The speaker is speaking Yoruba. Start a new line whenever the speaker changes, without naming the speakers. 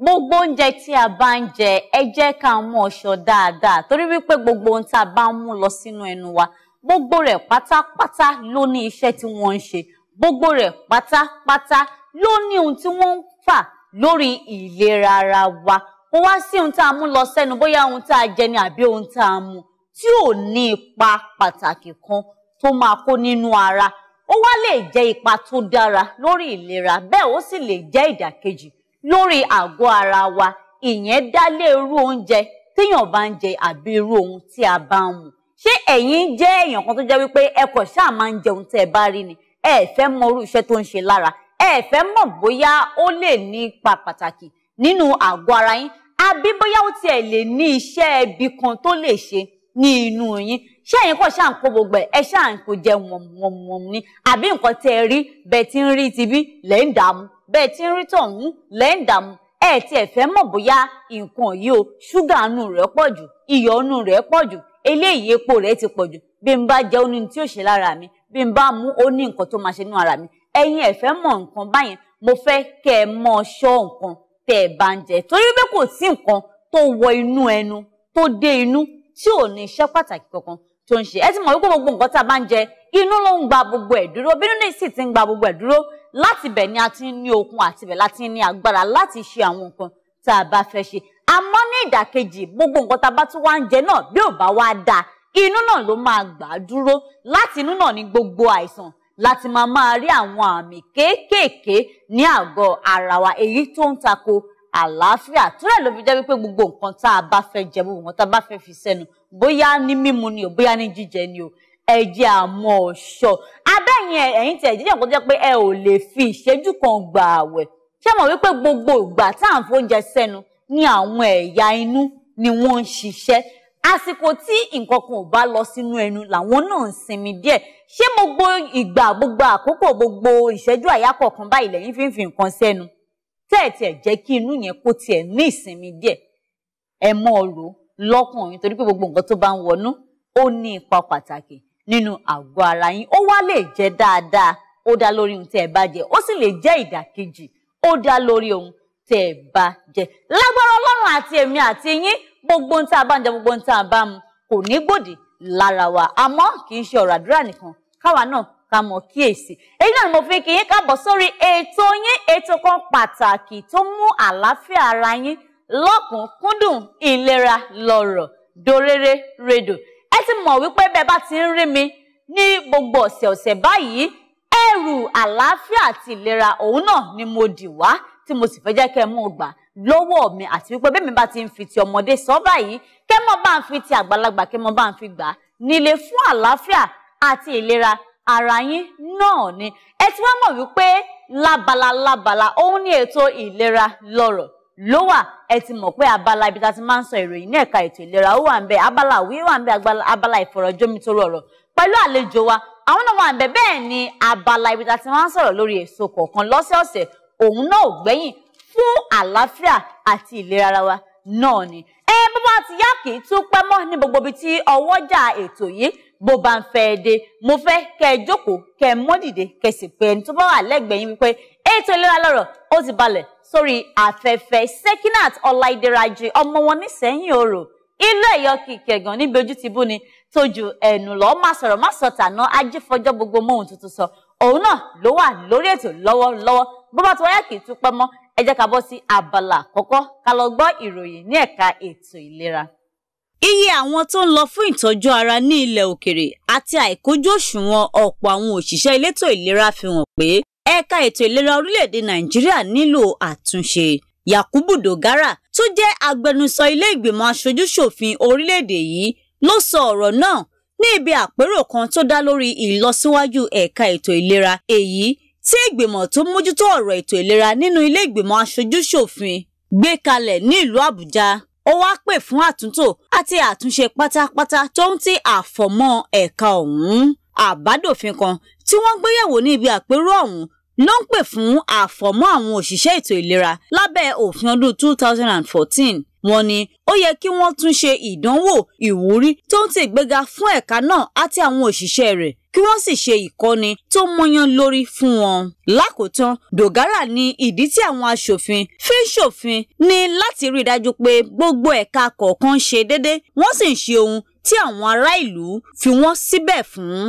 gbogbo oúnjẹ tí a bá ń jẹ ẹ jẹ́ ká mú ọ̀ṣọ́ dáadáa torí wípé gbogbo ohun tá a bá ń mú lọ sínú ẹnu wa gbogbo rẹ̀ pátápátá ló ní iṣẹ́ tí wọ́n ń ṣe gbogbo rẹ̀ pátápátá ló ní ohun tí wọ́n ń fà lórí ìlera ara wa kò wá sí ohun tá a mú lọ sẹ́nu bóyá ohun tá a jẹ ni àbí ohun tá a mú tí ò ní ipa pàtàkì kan tó máa kó nínú ara ó wá lè jẹ́ ipa tó dára lórí ìlera bẹ́ẹ̀ ó sì lè jẹ́ ìdàkejì lórí àgọ́ ara wa ìyẹn dá lé irú oúnjẹ téèyàn bá ń jẹ àbí irú ohun tí a bá ń mu ṣé ẹ̀yin jẹ́ èèyàn kan tó jẹ́ wípé ẹ kò ṣáà máa ń jẹun tẹ́ ẹ bá rí ni ẹ fẹ́ mọ irú iṣẹ́ tó ń ṣe lára ẹ fẹ́ mọ̀ bóyá ó lè ní ipa pàtàkì nínú àgọ́ ara yín àbí bóyá ó tiẹ̀ lè ní iṣẹ́ ibi kan tó lè ṣe ní inú yín ṣé ẹ̀yin kò ṣáà ń kó gbogbo ẹ̀ ẹ ṣáà ń kó jẹ wọ̀mùwọ̀mù ni àbí nǹkan tẹ́ ẹ rí bẹ́ẹ̀ ti ń rí tibí lẹ́ ń dààmú bẹ́ẹ̀ ti ń rí tọ̀hún lẹ́ ń dààmú ẹ tiẹ̀ fẹ́ mọ̀ bóyá nǹkan yìí o ṣúgà inú rẹ̀ pọ̀ jù iyọ̀ inú rẹ̀ pọ̀ jù eléyìí epo rẹ̀ ti pọ̀ jù bí n bá jẹ ó ní tí ò ṣe lára mi bí n bá mú ó ní nǹkan tó máa ṣe nínú ara mi ẹ̀yin ẹ fẹ́ mọ̀ nǹkan báyẹn mo fẹ́ kẹ́ ẹ mọ̀ ṣọ́ nǹkan tẹ́ ẹ bá ń jẹ torí pé kò sí nǹkan tó wọ inú ẹnu tó dé inú tí ò ní iṣẹ́ pàtàkì kankan tó ń ṣe ẹ ti mọ̀ wípé gbogbo nǹkan tá a bá ń jẹ inú ló ń gba gbogbo ẹ̀ dúró bínú ní sì ti ń gba gbogbo ẹ̀ dúró láti bẹ̀ ni a ti ní okun àti bẹ̀ láti ní agbára láti ṣe àwọn nǹkan tá a bá fẹ́ ṣe àmọ́ ní ìdàkejì gbogbo nǹkan tá a bá tún wá ń jẹ náà bí ò bá wá dáa inú náà ló máa gbà á dúró láti inú náà ni gbogbo àìsàn láti máa máa rí àwọn àmì kéékèèké ní àgọ́ ara wa èyí tó ń tako àlàáfíà túrẹ̀ ló fi jẹ́ wípé gbogbo nǹkan tá a bá fẹ́ jẹ gbogbo nǹkan tá a bá fẹ́ fi sẹ́nu bóyá ní mímu ni o bóyá ní jíjẹ ni o ẹ̀jẹ̀ àmọ́ ọ̀ṣọ́ abẹ́yìn ẹ̀yìn tí ẹ̀jẹ̀ kò jẹ́ pé ẹ ò lè fi ìṣẹ́jú kan gbà àwẹ̀ ṣé mọ̀ wípé gbogbo ìgbà tá à ń fóúnjẹ sẹ́nu ní àwọn ẹ̀yà inú ni wọ́n ń ṣiṣẹ́ àsìkò tí nǹkan kan ò bá lọ sínú ẹnu làwọn náà ń sinmi díẹ̀ ṣé gbogbo ìgbà gbogbo àkókò gbogbo ìṣẹ́jú àyá kọ̀ọ̀kan báyìí lẹ́yìn fi ń fi nǹkan sẹ́nu tẹ́ẹ̀tì ẹ̀ jẹ́ kí inú yẹn kó tiẹ̀ ní ìsinmi díẹ̀ ẹ mọ́ ọ rò lọ́kùnrin torí pé gbogbo nǹkan tó bá ń wọnú ó ní ipa pàtàkì nínú àgọ́ ara yín ó wá lè jẹ́ dáadáa ó dá lórí ohun tẹ́ ẹ bá jẹ ó sì lè jẹ́ ìdàkejì ó dá lórí ohun tẹ́ ẹ bá jẹ lágbára Ọlọ́run àti èmi àti yín gbogbo ohun tá a bá ń jẹ gbogbo ohun tá a bá mu kò ní gbòdì lára wa àmọ́ kì í ṣe ọ̀rọ̀ àdúrà nìkan káwa náà ká mọ̀ kíyèsí èyí náà ni mo fi kí yín sórí ètò yín ètò kan pàtàkì tó mú àlàáfíà ara yín lọ́kùnkúndùn ìlera lọ́rọ̀ dorere redo ti mọ̀ wípé bẹ́ẹ̀ bá ti ń rí mi ní gbogbo ọ̀sẹ̀ ọ̀sẹ̀ báyìí ẹrù àlàáfíà àti ìlera òun náà ni mo dì wá tí mo sì fẹ́ jẹ́ kẹ́ ẹ mú gbà lọ́wọ́ mi àti wípé bẹ́ẹ̀ mi bá ti ń fi ti ọmọdé sọ báyìí kẹ́ mọ́ bá ń fi ti àgbàlagbà kẹ́ mọ́ bá ń fi gbà nílé fún àlàáfíà àti ìlera ara yín náà ni ẹ ti wá mọ̀ wípé lábala lábala òun ni ètò ìlera lọ́rọ̀ ló wà ẹ ti mọ̀ pé abala ibi tá a ti máa ń sọ ìròyìn ní ẹ̀ka ètò ìlera ó wà ń bẹ abala àwí wà ń bẹ abala ìfọ̀rọ̀jomitoro ọ̀rọ̀ pẹ̀lú àlejò wa àwọn náà wà ń bẹ bẹ́ẹ̀ ni abala ibi tá a ti máa ń sọ̀rọ̀ lórí èso kọ̀ọ̀kan lọ́sẹ̀ọ̀sẹ̀ òun náà ò gbẹ́yìn fún àlàáfíà àti ìlera ara wa náà ni. ẹ bó bá ti yá kì í tún pẹ́ mọ́ ní gbogbo ibi tí ọwọ́jà ètò yìí bó bá ń fẹ́ ẹ dé mo fẹ́ kẹ́ ẹ jókòó kẹ́ ẹ mọ́ dìde kẹ́ ẹ sì pé ẹni tó bá wà lẹ́gbẹ̀ẹ́ yín wípé ètò ìlera lọ́rọ̀ ó ti balẹ̀ sórí afẹ́fẹ́ Sekinat Ọláìdẹ́rajì ọmọ wọn nísẹ̀yìn òrò ilé ẹ̀yọ́ kìkẹ̀gàn níbi ojú ti bú ni tójú ẹnu lọ má sọ̀rọ̀ má sọ tàná ajé fọjọ́ gbogbo mọ́hun tuntun sọ òun náà ló wà lórí ètò lọ́wọ́lọ́wọ́ bó bá ti wáyà kì í tún mọ́ ẹ jẹ́ ká bọ́ sí abala àkọ́kọ́ ká lọ gbọ́ ìròyìn ní ẹ̀ka ètò ìlera. Iye àwọn tó ń lọ fún ìtọ́jú ara ní ilẹ̀ òkèrè àti àìkójú òṣùwọ̀n ọ̀pọ̀ àwọn òṣìṣẹ́ elétò ìlera fi hàn pé ẹ̀ka ètò ìlera orílẹ̀-èdè Nàìjíríà nílò àtúnṣe. Yakubu Dogara tó jẹ́ agbẹnusọ ilé ìgbìmọ̀ aṣojú-ṣòfin orílẹ̀-èdè yìí ló sọ ọ̀rọ̀ náà ní ibi àpérò kan tó dá lórí ìlọsíwájú ẹ̀ka ètò ìlera èyí tí ìgbìmọ̀ tó mójútó ọ̀rọ̀ ètò ìlera nínú ilé ìgbìmọ̀ aṣojú gbé kalẹ̀ ní ìlú Àbújá ó wá pè fún àtúntò àti àtúnṣe pátápátá tó ń ti àfọ̀mọ́ ẹ̀ka ọ̀hún àbádòfin kan tí wọ́n gbéyẹ̀wò ní ibi àpérò ọ̀hún ló ń pè fún àfọ̀mọ́ àwọn òṣìṣẹ́ ètò ìlera lábẹ́ òfin ọdún 2014 wọ́n ní ó yẹ kí wọ́n tún ṣe ìdánwò ìwúrí tó ń ti ìgbéga fún ẹ̀ka náà àti àwọn òṣìṣẹ́ rẹ̀ kí wọ́n sì ṣe ìkọ́ni tó mọ́yán lórí fún wọn. lákòótán dogara ní ìdí tí àwọn aṣòfin fi ṣòfin ní láti rí i dájú pé gbogbo ẹ̀ka kọ̀ọ̀kan ṣe déédéé wọ́n sì ń ṣe ohun tí àwọn ará ìlú fi wọ́n síbẹ̀ fún.